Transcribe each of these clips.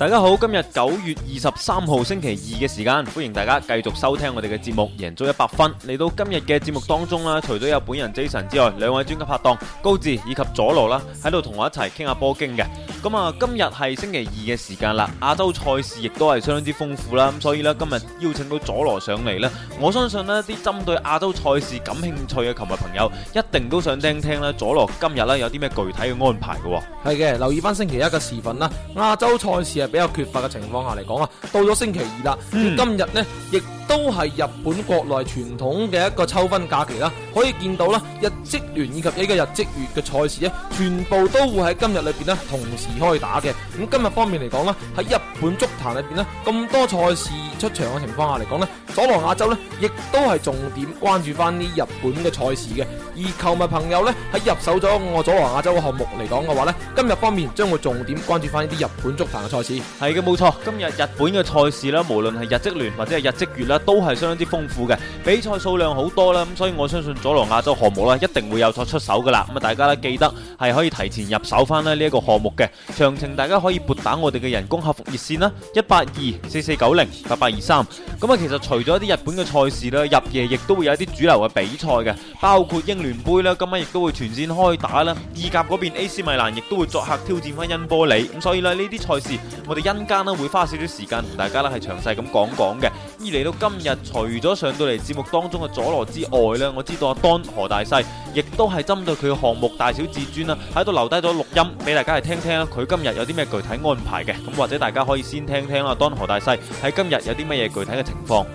大家好，今日九月二十三號星期二嘅時間，歡迎大家繼續收聽我哋嘅節目，贏足一百分。嚟到今日嘅節目當中啦，除咗有本人 Jason 之外，兩位專家拍檔高志以及佐羅啦，喺度同我一齊傾下波經嘅。咁啊，今日係星期二嘅時間啦，亞洲賽事亦都係相當之豐富啦，咁所以呢今日邀請到佐羅上嚟呢，我相信呢啲針對亞洲賽事感興趣嘅球迷朋友，一定都想聽聽呢佐羅今日呢有啲咩具體嘅安排嘅。係嘅，留意翻星期一嘅時分啦，亞洲賽事係比較缺乏嘅情況下嚟講啊，到咗星期二啦，嗯、今日呢。亦。都係日本國內傳統嘅一個秋分假期啦，可以見到啦，日職聯以及呢個日職乙嘅賽事咧，全部都會喺今日裏邊咧同時開打嘅。咁今日方面嚟講咧，喺日本足壇裏邊咧，咁多賽事出場嘅情況下嚟講咧，佐羅亞洲咧亦都係重點關注翻呢日本嘅賽事嘅。而球迷朋友咧喺入手咗我佐羅亞洲嘅項目嚟講嘅話咧，今日方面將會重點關注翻呢啲日本足壇嘅賽事。係嘅，冇錯，今日日本嘅賽事啦，無論係日職聯或者係日職乙啦，都係相當之豐富嘅，比賽數量好多啦。咁所以我相信佐羅亞洲項目咧一定會有所出手嘅啦。咁啊，大家咧記得係可以提前入手翻咧呢一個項目嘅。詳情大家可以撥打我哋嘅人工客服熱線啦，一八二四四九零八八二三。咁啊，其實除咗一啲日本嘅賽事啦，入夜亦都會有一啲主流嘅比賽嘅，包括英聯杯咧，今晚亦都會全線開打啦。意甲嗰邊，AC 米蘭亦都會作客挑戰翻恩波里。咁所以咧，呢啲賽事我哋陣間咧會花少少時間同大家咧係詳細咁講講嘅。而嚟到今日，除咗上到嚟節目當中嘅佐羅之外咧，我知道阿當何大細亦都係針對佢嘅項目大小至尊啦，喺度留低咗錄音俾大家係聽聽啦。佢今日有啲咩具體安排嘅？咁或者大家可以先聽聽啦。阿當何大細喺今日有啲乜嘢具體嘅情況？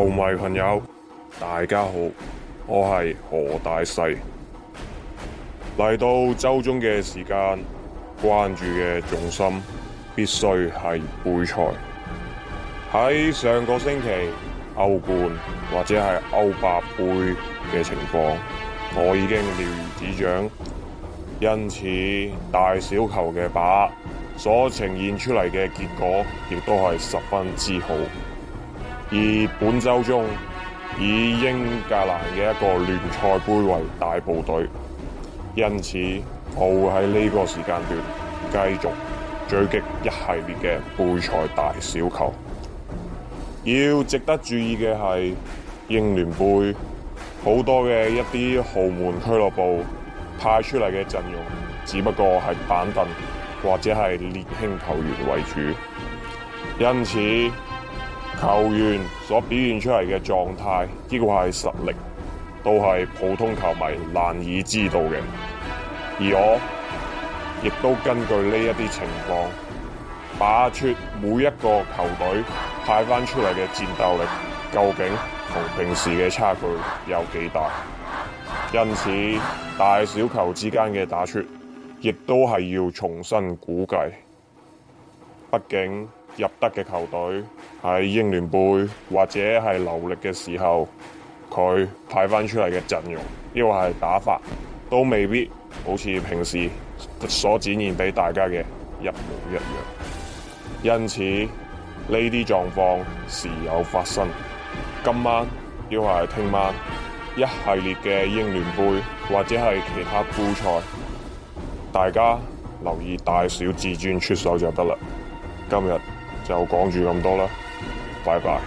球迷朋友，大家好，我係何大細。嚟到周中嘅時間，關注嘅重心必須係杯賽。喺上個星期歐冠或者係歐霸杯嘅情況，我已經了如指掌，因此大小球嘅把握所呈現出嚟嘅結果，亦都係十分之好。而本周中以英格蘭嘅一個聯賽杯為大部隊，因此我會喺呢個時間段繼續追擊一系列嘅杯賽大小球。要值得注意嘅係，英聯杯好多嘅一啲豪門俱樂部派出嚟嘅陣容，只不過係板凳或者係年輕球員為主，因此。球員所表現出嚟嘅狀態，亦或係實力，都係普通球迷難以知道嘅。而我亦都根據呢一啲情況，把出每一個球隊派返出嚟嘅戰鬥力，究竟同平時嘅差距有幾大？因此，大小球之間嘅打出，亦都係要重新估計。畢竟。入得嘅球隊喺英聯杯或者係留力嘅時候，佢派翻出嚟嘅陣容，亦或係打法，都未必好似平時所展現俾大家嘅一模一樣。因此呢啲狀況時有發生。今晚，亦或係聽晚，一系列嘅英聯杯或者係其他杯賽，大家留意大小至尊出手就得啦。今日。就講住咁多啦，拜拜。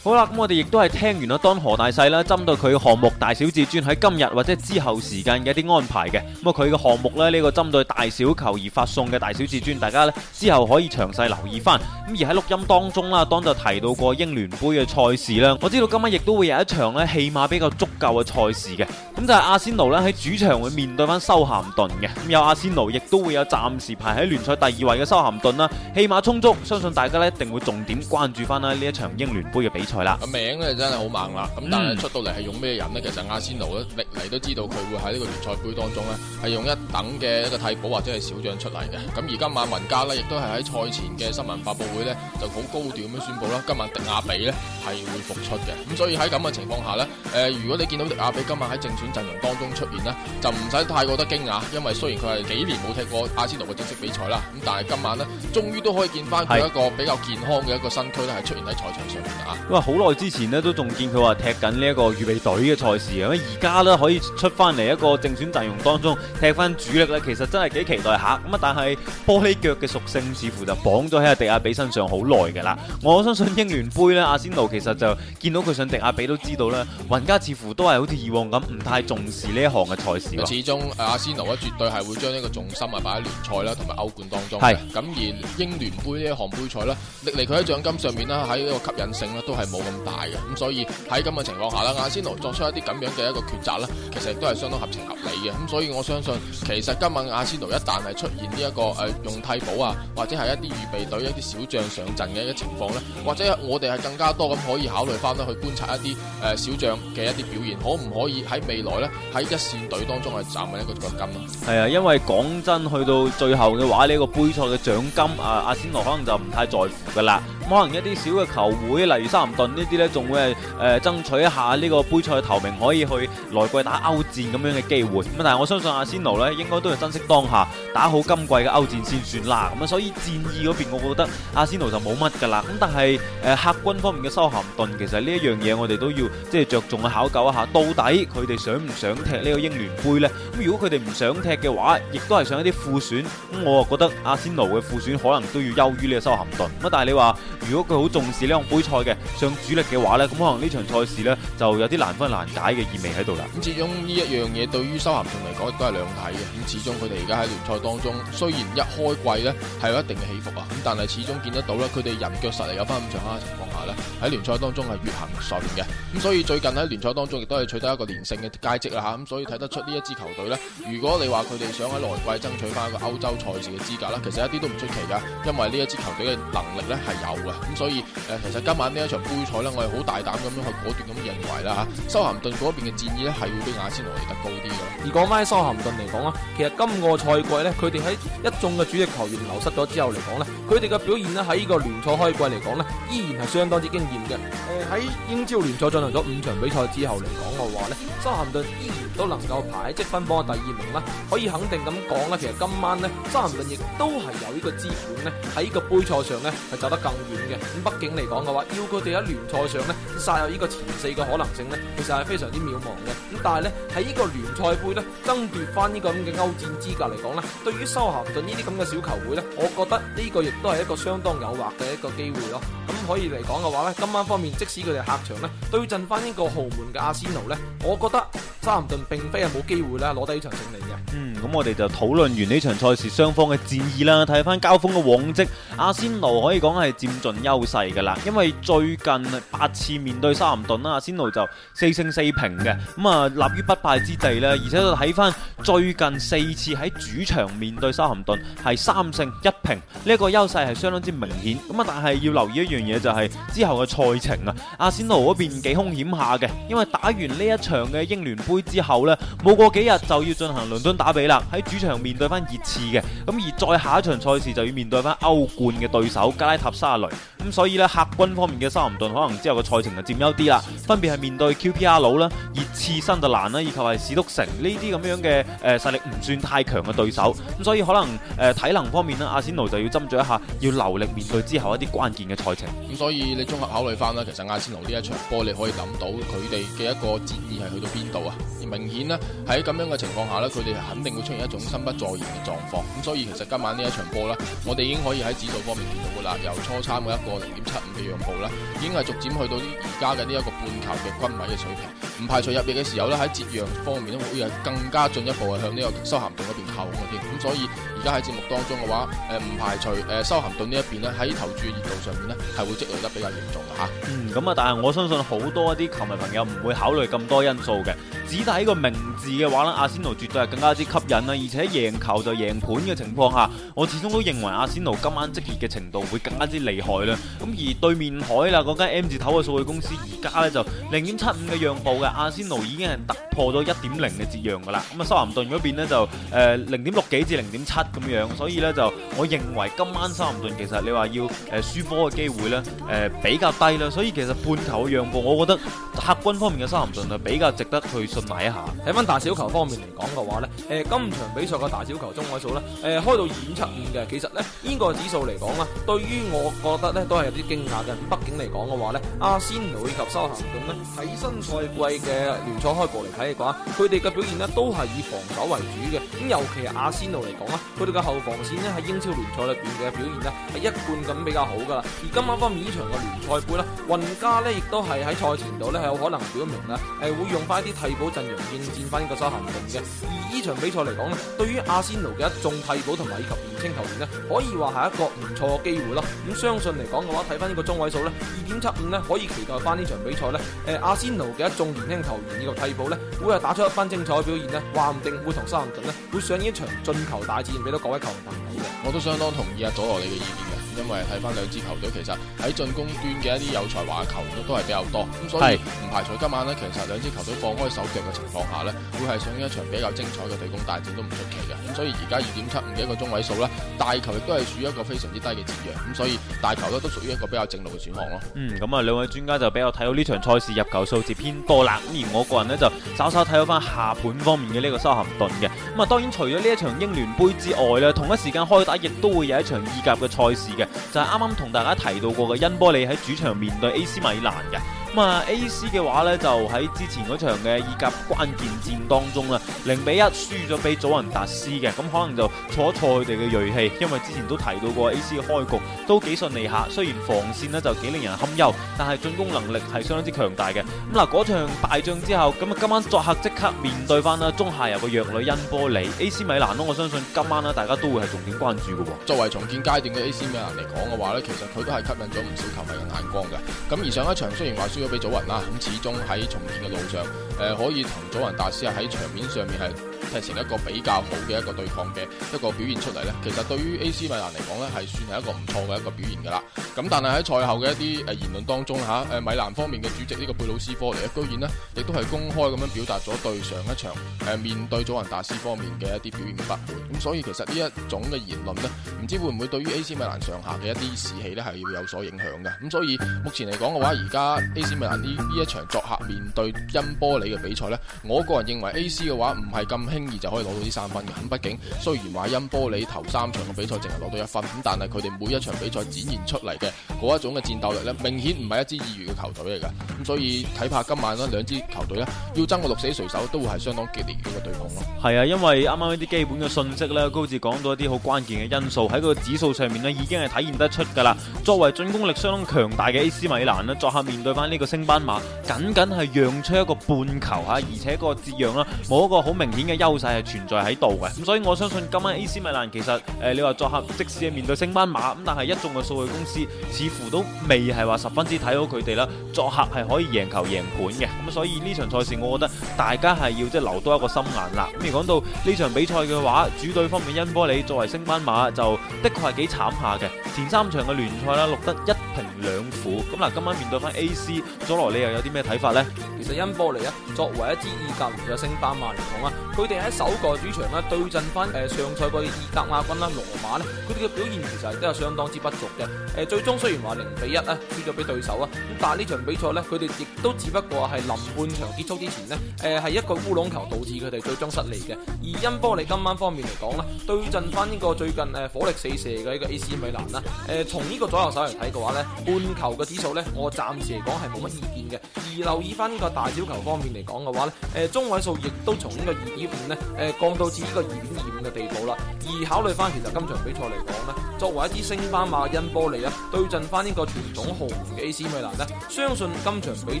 好啦，咁我哋亦都係聽完啦，當何大細啦，針對佢嘅項目大小至尊喺今日或者之後時間嘅一啲安排嘅，咁啊佢嘅項目咧呢個針對大小球而發送嘅大小至尊，大家呢之後可以詳細留意翻。咁而喺錄音當中啦，當就提到過英聯杯嘅賽事啦，我知道今晚亦都會有一場呢，戲碼比較足夠嘅賽事嘅，咁就係阿仙奴呢，喺主場會面對翻修咸頓嘅，咁有阿仙奴亦都會有暫時排喺聯賽第二位嘅修咸頓啦，戲碼充足，相信大家呢，一定會重點關注翻啦呢一場英聯杯嘅比賽。台個名咧真係好猛啦！咁但係出到嚟係用咩人呢？其實亞仙奴咧，歷嚟都知道佢會喺呢個聯賽杯當中咧，係用一等嘅一個替補，或者係小將出嚟嘅。咁而今晚文家咧，亦都係喺賽前嘅新聞發佈會咧，就好高調咁樣宣佈啦。今晚迪亞比咧係會復出嘅。咁所以喺咁嘅情況下咧，誒、呃、如果你見到迪亞比今晚喺正選陣容當中出現呢，就唔使太過得驚訝，因為雖然佢係幾年冇踢過亞仙奴嘅正式比賽啦，咁但係今晚咧，終於都可以見翻佢一個比較健康嘅一個身軀咧，係出現喺賽場上面啊。好耐之前呢都仲見佢話踢緊呢一個預備隊嘅賽事啊！而家呢可以出翻嚟一個正選陣容當中踢翻主力呢，其實真係幾期待下咁啊！但係玻璃腳嘅屬性似乎就綁咗喺阿迪亞比身上好耐嘅啦。我相信英聯杯呢，阿仙奴其實就見到佢上迪亞比都知道啦，雲加似乎都係好似以往咁唔太重視呢一項嘅賽事。始終阿仙奴絕對係會將呢個重心啊擺喺聯賽啦同埋歐冠當中。咁而英聯杯呢一項杯賽咧，歷嚟佢喺獎金上面呢，喺呢個吸引性呢，都係，冇咁大嘅，咁所以喺咁嘅情況下啦，阿仙奴作出一啲咁樣嘅一個抉擇咧，其實亦都係相當合情合理嘅。咁所以我相信，其實今晚阿仙奴一旦係出現呢一個誒用替補啊，或者係一啲預備隊一啲小將上陣嘅一啲情況咧，或者我哋係更加多咁可以考慮翻咧去觀察一啲誒小將嘅一啲表現，可唔可以喺未來咧喺一線隊當中係攢緊一個獎金咧？係啊，因為講真，去到最後嘅話呢、這個杯賽嘅獎金啊，阿仙奴可能就唔太在乎噶啦。可能一啲小嘅球會，例如修咸頓呢啲呢，仲會誒誒、呃、爭取一下呢個杯賽嘅頭名，可以去來季打歐戰咁樣嘅機會。咁但係我相信阿仙奴呢，應該都係珍惜當下，打好今季嘅歐戰先算啦。咁啊，所以戰意嗰邊，呃，我覺得阿仙奴就冇乜噶啦。咁但係誒客軍方面嘅修咸頓，其實呢一樣嘢我哋都要即係着重去考究一下，到底佢哋想唔想踢呢個英聯杯呢？咁如果佢哋唔想踢嘅話，亦都係想一啲副選。咁我啊覺得阿仙奴嘅副選可能都要優於呢個修咸頓。咁但係你話。如果佢好重視呢項杯賽嘅上主力嘅話咧，咁可能呢場賽事咧就有啲難分難解嘅意味喺度啦。咁、嗯、始終呢一樣嘢對於收咸雄嚟講亦都係兩睇嘅。咁、嗯、始終佢哋而家喺聯賽當中，雖然一開季咧係有一定嘅起伏啊，咁、嗯、但係始終見得到咧，佢哋人腳實力有翻咁上下嘅情況下咧，喺聯賽當中係越行越順嘅。咁、嗯、所以最近喺聯賽當中亦都係取得一個連勝嘅佳績啦吓，咁、嗯、所以睇得出呢一支球隊咧，如果你話佢哋想喺來季爭取翻一個歐洲賽事嘅資格啦，其實一啲都唔出奇噶因為呢一支球隊嘅能力咧係有嘅。咁、嗯、所以誒、呃嗯，其實今晚呢一場杯賽咧，我哋好大膽咁樣去果斷咁認為啦吓，修咸頓嗰邊嘅戰意咧係會比亞仙台嚟得高啲嘅。而講翻修咸頓嚟講啊，其實今個賽季咧，佢哋喺一眾嘅主力球員流失咗之後嚟講咧，佢哋嘅表現咧喺呢個聯賽開季嚟講咧，依然係相當之驚艷嘅。誒喺英超聯賽進行咗五場比賽之後嚟講嘅話咧，修咸頓依然都能夠排喺積分榜第二名啦。可以肯定咁講啦，其實今晚咧，修咸頓亦都係有呢個資本咧喺呢個杯賽上咧係走得更遠。咁畢竟嚟講嘅話，要佢哋喺聯賽上咧殺入呢個前四嘅可能性咧，其實係非常之渺茫嘅。咁但係咧喺呢個聯賽杯咧爭奪翻呢個咁嘅歐戰資格嚟講咧，對於修咸頓呢啲咁嘅小球會咧，我覺得呢個亦都係一個相當誘惑嘅一個機會咯。咁可以嚟講嘅話咧，今晚方面即使佢哋客場咧對陣翻呢個豪門嘅阿仙奴咧，我覺得。沙咸頓並非係冇機會咧攞低呢場勝利嘅。嗯，咁我哋就討論完呢場賽事雙方嘅戰意啦，睇翻交鋒嘅往績，阿仙奴可以講係佔盡優勢噶啦。因為最近八次面對沙林頓啦，阿仙奴就四勝四平嘅。咁啊，立於不敗之地咧。而且睇翻最近四次喺主場面對沙林頓係三勝一平，呢一個優勢係相當之明顯。咁啊，但係要留意一樣嘢就係之後嘅賽程啊，阿仙奴嗰邊幾兇險下嘅，因為打完呢一場嘅英聯。會之後呢，冇過幾日就要進行倫敦打比啦，喺主場面對翻熱刺嘅，咁而再下一場賽事就要面對翻歐冠嘅對手加拉塔沙雷，咁所以呢，客軍方面嘅沙林頓可能之後嘅賽程就佔優啲啦，分別係面對 QPR 佬啦、熱刺、新特蘭啦，以及係史篤城呢啲咁樣嘅誒實力唔算太強嘅對手，咁所以可能誒、呃、體能方面呢，阿仙奴就要斟酌一下，要留力面對之後一啲關鍵嘅賽程。咁所以你綜合考慮翻啦，其實阿仙奴呢一場波，你可以諗到佢哋嘅一個戰意係去到邊度啊？明顯咧，喺咁樣嘅情況下咧，佢哋肯定會出現一種心不在焉嘅狀況。咁所以其實今晚呢一場波咧，我哋已經可以喺指數方面見到噶啦，由初參嘅一個零點七五嘅讓步啦，已經係逐漸去到呢而家嘅呢一個半球嘅均位嘅水平。唔排除入夜嘅時候咧，喺接讓方面咧會係更加進一步係向呢個修咸頓嗰邊靠嘅添。咁所以而家喺節目當中嘅話，誒唔排除誒修咸頓呢一邊咧喺投注熱度上面咧係會積累得比較嚴重嘅吓。嗯，咁啊，但係我相信好多一啲球迷朋友唔會考慮咁多因素嘅。只睇個名字嘅話咧，阿仙奴絕對係更加之吸引啦，而且贏球就贏盤嘅情況下，我始終都認為阿仙奴今晚積極嘅程度會更加之厲害啦。咁而對面海啦，嗰間 M 字頭嘅數據公司而家咧就零點七五嘅讓步嘅，阿仙奴已經係突破咗一點零嘅折讓噶啦。咁啊，修咸頓嗰邊咧就誒零點六幾至零點七咁樣子，所以咧就我認為今晚修咸頓其實你話要誒輸波嘅機會咧誒比較低啦，所以其實半球嘅讓步，我覺得客軍方面嘅修咸頓係比較值得去。睇下，睇翻大小球方面嚟講嘅話咧，誒、呃，今場比賽嘅大小球中位數咧，誒、呃，開到二點七五嘅，其實咧呢個指數嚟講啊，對於我覺得咧都係有啲驚訝嘅，畢竟嚟講嘅話咧，阿仙奴以及修咸頓咧喺新賽季嘅聯賽開播嚟睇嘅話，佢哋嘅表現咧都係以防守為主嘅，咁尤其係阿仙奴嚟講啊，佢哋嘅後防線咧喺英超聯賽裏邊嘅表現咧係一貫咁比較好噶，啦而今晚方面呢場嘅聯賽盃咧，雲加咧亦都係喺賽前度咧係有可能表明啦，誒、呃，會用翻一啲替補。陣容應戰翻呢個修咸頓嘅，而呢場比賽嚟講呢，對於阿仙奴嘅一眾替補同埋以及年輕球員呢，可以話係一個唔錯嘅機會啦。咁相信嚟講嘅話，睇翻呢個中位數呢，二點七五呢，可以期待翻呢場比賽呢，誒，阿仙奴嘅一眾年輕球員呢個替補呢，每日打出一番精彩嘅表現呢，話唔定會同修咸行頓呢，會上演呢一場進球大戰，俾到各位球迷朋友嘅。我都相當同意阿佐羅你嘅意見嘅。因為睇翻兩支球隊，其實喺進攻端嘅一啲有才華嘅球員都係比較多，咁所以唔排除今晚呢，其實兩支球隊放開手腳嘅情況下呢，會係上一場比較精彩嘅對攻大戰都唔出奇嘅。咁所以而家二點七五嘅一個中位數呢，大球亦都係處於一個非常之低嘅節約，咁所以大球呢，都屬於一個比較正路嘅選項咯。嗯，咁啊兩位專家就比較睇到呢場賽事入球數字偏多啦。咁而我個人呢就稍稍睇到翻下盤方面嘅呢個修咸頓嘅。咁啊，當然除咗呢一場英聯杯之外呢，同一時間開打亦都會有一場意甲嘅賽事的就係啱啱同大家提到過嘅恩波利喺主場面對 AC 米蘭嘅。咁啊，A.C. 嘅話咧就喺之前嗰場嘅意甲關鍵戰當中啦，零比一輸咗俾祖雲達斯嘅，咁可能就挫一挫佢哋嘅銳氣，因為之前都提到過 A.C. 嘅開局都幾順利下，雖然防線咧就幾令人堪憂，但係進攻能力係相當之強大嘅。咁嗱，嗰場敗仗之後，咁啊今晚作客即刻面對翻啦中下游嘅弱旅恩波里，A.C. 米蘭咯，我相信今晚咧大家都會係重點關注嘅。作為重建階段嘅 A.C. 米蘭嚟講嘅話咧，其實佢都係吸引咗唔少球迷嘅眼光嘅。咁而上一場雖然話俾俾祖雲啦，咁始終喺重建嘅路上，誒、呃，可以同祖雲達斯喺場面上面係，踢成一個比較好嘅一個對抗嘅一個表現出嚟呢其實對於 A.C. 米蘭嚟講呢，係算係一個唔錯嘅一個表現㗎啦。咁但係喺賽後嘅一啲誒言論當中嚇，誒米蘭方面嘅主席呢個貝魯斯科尼，居然呢亦都係公開咁樣表達咗對上一場誒面對祖雲達斯方面嘅一啲表現嘅不滿。咁所以其實呢一種嘅言論呢，唔知會唔會對於 A.C. 米蘭上下嘅一啲士氣呢係要有所影響嘅。咁所以目前嚟講嘅話，而家 A.C. 米蘭呢呢一場作客面對因波里嘅比賽呢，我個人認為 A.C. 嘅話唔係咁輕。易就可以攞到啲三分嘅，畢竟雖然話音波里頭三場嘅比賽淨係攞到一分，咁但係佢哋每一場比賽展現出嚟嘅嗰一種嘅戰鬥力呢，明顯唔係一支意乙嘅球隊嚟嘅，咁所以睇怕今晚咧，兩支球隊呢，要爭個鹿死誰手，都會係相當激烈嘅一個對碰咯。係啊，因為啱啱啲基本嘅信息呢，高志講到一啲好關鍵嘅因素喺個指數上面呢已經係體現得出噶啦。作為進攻力相當強大嘅 AC 米蘭呢，作客面對翻呢個升班馬，僅僅係讓出一個半球吓，而且個折讓啦冇一個好明顯嘅優。優勢係存在喺度嘅，咁所以我相信今晚 A.C. 米蘭其實誒、呃，你話作客，即使係面對升班馬，咁但係一眾嘅數據公司似乎都未係話十分之睇好佢哋啦。作客係可以贏球贏盤嘅，咁所以呢場賽事我覺得大家係要即係留多一個心眼啦。咁而講到呢場比賽嘅話，主隊方面恩波利作為升班馬就的確係幾慘下嘅，前三場嘅聯賽啦錄得一平兩負。咁嗱，今晚面對翻 A.C. 佐羅你又有啲咩睇法呢？其實恩波利啊，作為一支意甲嘅升班馬嚟講啊，喺首個主場咧對陣翻誒，上賽季意甲亞軍啦羅馬咧，佢哋嘅表現其實都係相當之不俗嘅。誒，最終雖然話零比一啊輸咗俾對手啊，咁但係呢場比賽咧，佢哋亦都只不過係臨半場結束之前咧誒，係一個烏龍球導致佢哋最終失利嘅。而因波利今晚方面嚟講咧，對陣翻呢個最近誒，火力四射嘅呢個 AC 米蘭啦，誒從呢個左右手嚟睇嘅話，半球嘅指數我暫時嚟講係冇乜意見嘅。而留意翻呢個大小球方面嚟講嘅話，誒中位數亦都從呢個二點。誒，降到至呢個二點二五嘅地步啦。而考慮翻，其實今場比賽嚟講咧，作為一支升班馬，恩波利啊，對陣翻呢個傳統豪門嘅 AC 米蘭咧，相信今場比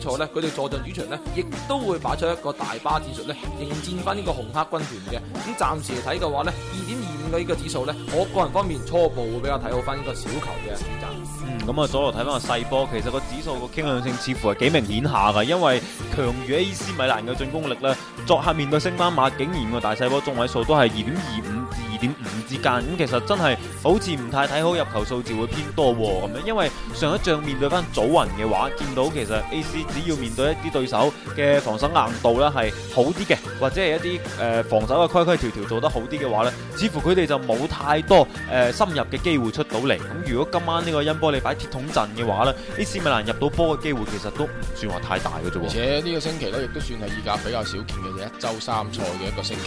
賽咧，佢哋坐陣主場咧，亦都會擺出一個大巴戰術咧，迎戰翻呢個紅黑軍團嘅。咁暫時嚟睇嘅話咧，二點二五嘅呢個指數咧，我個人方面初步會比較睇好翻呢個小球嘅。啊，左右睇返個細波，其實個指數個傾向性似乎係幾明顯下㗎，因為強於 AC 米蘭嘅進攻力咧，作客面對升班馬，竟然個大細波中位數都係二點二五。之間咁其實真係好似唔太睇好，入球數字會偏多咁樣，因為上一仗面對翻祖雲嘅話，見到其實 A.C. 只要面對一啲對手嘅防守硬度咧係好啲嘅，或者係一啲誒、呃、防守嘅規規條條做得好啲嘅話咧，似乎佢哋就冇太多誒、呃、深入嘅機會出到嚟。咁如果今晚呢個恩波利擺鐵桶陣嘅話咧，AC 米蘭入到波嘅機會其實都唔算話太大嘅啫。而且呢個星期咧亦都算係意甲比較少見嘅，就一周三賽嘅一個星期。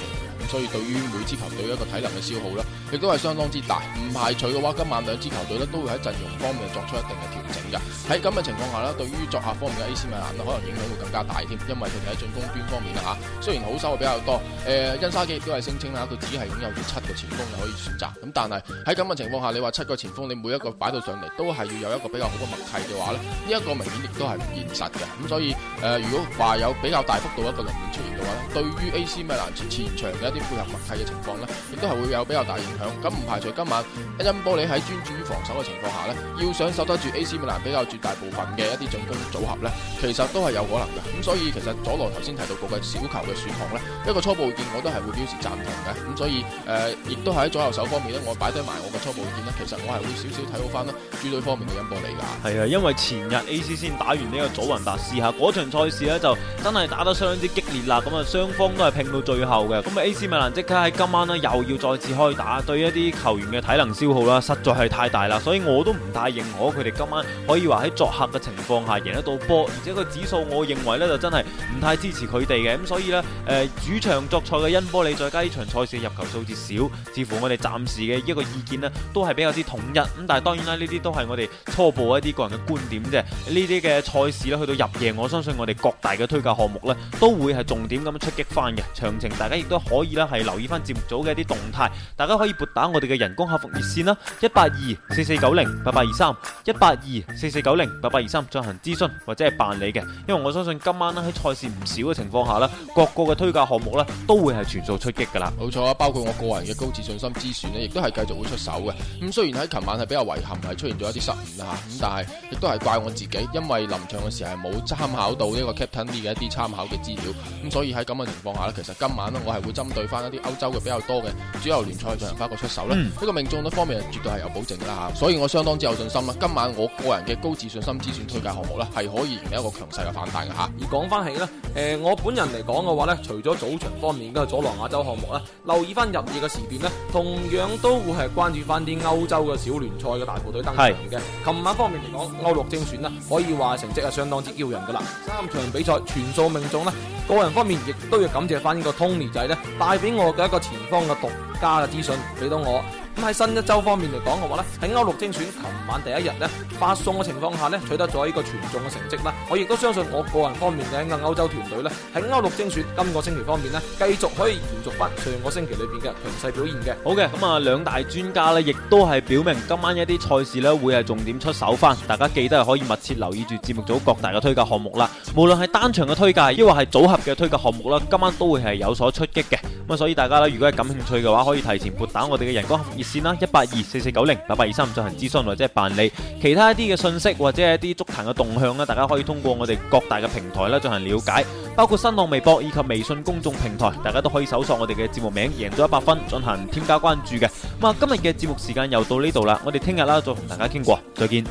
咁所以對於每支球隊一個體能嘅消耗啦。亦都係相當之大，唔排除嘅話，今晚兩支球隊咧都會喺陣容方面作出一定嘅調整嘅。喺咁嘅情況下咧，對於作客方面嘅 AC 米蘭可能影響會更加大添，因為佢哋喺進攻端方面雖、啊、雖然好手會比較多，誒、呃，恩沙基亦都係聲稱啦，佢只係擁有咗七個前鋒就可以選擇。咁但係喺咁嘅情況下，你話七個前鋒，你每一個擺到上嚟都係要有一個比較好嘅默契嘅話呢一、呢一個明顯亦都係唔現實嘅。咁所以誒、呃，如果話有比較大幅度一個輪換出現嘅話咧，對於 AC 米蘭前場嘅一啲配合默契嘅情況呢亦都係會有比較大。影響咁，唔排除今晚恩波利喺專注於防守嘅情況下呢，要想守得住 AC 米蘭比較絕大部分嘅一啲進攻組合呢，其實都係有可能嘅。咁所以其實佐羅頭先提到嗰個小球嘅選項呢，一個初步意見我都係會表示贊同嘅。咁所以誒，亦、呃、都係喺左右手方面呢，我擺低埋我嘅初步意見呢，其實我係會少少睇好翻咯主隊方面嘅恩波利噶係啊，因為前日 AC 先打完呢個祖雲達斯吓，嗰場賽事呢就真係打得相當之激烈啦。咁啊，雙方都係拼到最後嘅。咁啊，AC 米蘭即刻喺今晚呢又要再次開打。啊，對一啲球員嘅體能消耗啦，實在係太大啦，所以我都唔太認可佢哋今晚可以話喺作客嘅情況下贏得到波，而且個指數我認為呢就真係唔太支持佢哋嘅，咁、嗯、所以呢，誒、呃、主場作賽嘅恩波利再加呢場賽事的入球數字少，似乎我哋暫時嘅一個意見呢都係比較之統一，咁、嗯、但係當然啦，呢啲都係我哋初步一啲個人嘅觀點啫，這些賽呢啲嘅賽事呢去到入夜，我相信我哋各大嘅推介項目呢都會係重點咁樣出擊翻嘅，詳情大家亦都可以呢係留意翻節目組嘅一啲動態，大家。都可以撥打我哋嘅人工客服熱線啦，一八二四四九零八八二三，一八二四四九零八八二三，進行諮詢或者係辦理嘅。因為我相信今晚咧喺賽事唔少嘅情況下咧，各個嘅推介項目咧都會係全數出擊㗎啦。冇錯啊，包括我個人嘅高自信心之選咧，亦都係繼續會出手嘅。咁雖然喺琴晚係比較遺憾係出現咗一啲失誤啊嚇，咁但係亦都係怪我自己，因為臨場嘅時候係冇參考到呢個 Captain D 嘅一啲參考嘅資料。咁所以喺咁嘅情況下咧，其實今晚咧我係會針對翻一啲歐洲嘅比較多嘅主流聯賽。再花一個出手咧，不、嗯，這個命中率方面啊，絕對係有保證啦吓，所以我相當之有信心啦。今晚我個人嘅高自信心精選推介項目咧，係可以令一個強勢嘅反彈嘅吓。而講翻起咧，誒、呃，我本人嚟講嘅話咧，除咗早場方面嘅佐羅亞洲項目咧，留意翻入夜嘅時段呢，同樣都會係關注翻啲歐洲嘅小聯賽嘅大部隊登場嘅。琴晚方面嚟講，歐陸精選咧，可以話成績係相當之驕人噶啦，三場比賽全數命中啦。個人方面，亦都要感謝返呢個 Tony 仔咧，帶俾我嘅一個前方嘅獨家嘅資訊俾到我。咁喺新一周方面嚟講嘅話咧，喺歐陸精選琴晚第一日咧發送嘅情況下咧，取得咗呢個全中嘅成績啦。我亦都相信我個人方面嘅一個歐洲團隊咧，喺歐陸精選今個星期方面咧，繼續可以延續翻上個星期裏邊嘅強勢表現嘅。好嘅，咁啊兩大專家呢，亦都係表明今晚一啲賽事咧會係重點出手翻，大家記得係可以密切留意住節目組各大嘅推介項目啦。無論係單場嘅推介，亦或係組合嘅推介項目啦，今晚都會係有所出擊嘅。咁所以大家咧，如果係感興趣嘅話，可以提前撥打我哋嘅人工線啦，一八二四四九零八八二三五進行諮詢，或者係辦理其他一啲嘅信息，或者係一啲足壇嘅動向，大家可以通過我哋各大嘅平台咧進行了解，包括新浪微博以及微信公眾平台，大家都可以搜索我哋嘅節目名贏咗一百分進行添加關注嘅。咁啊，今日嘅節目時間又到呢度啦，我哋聽日啦再同大家傾過，再見。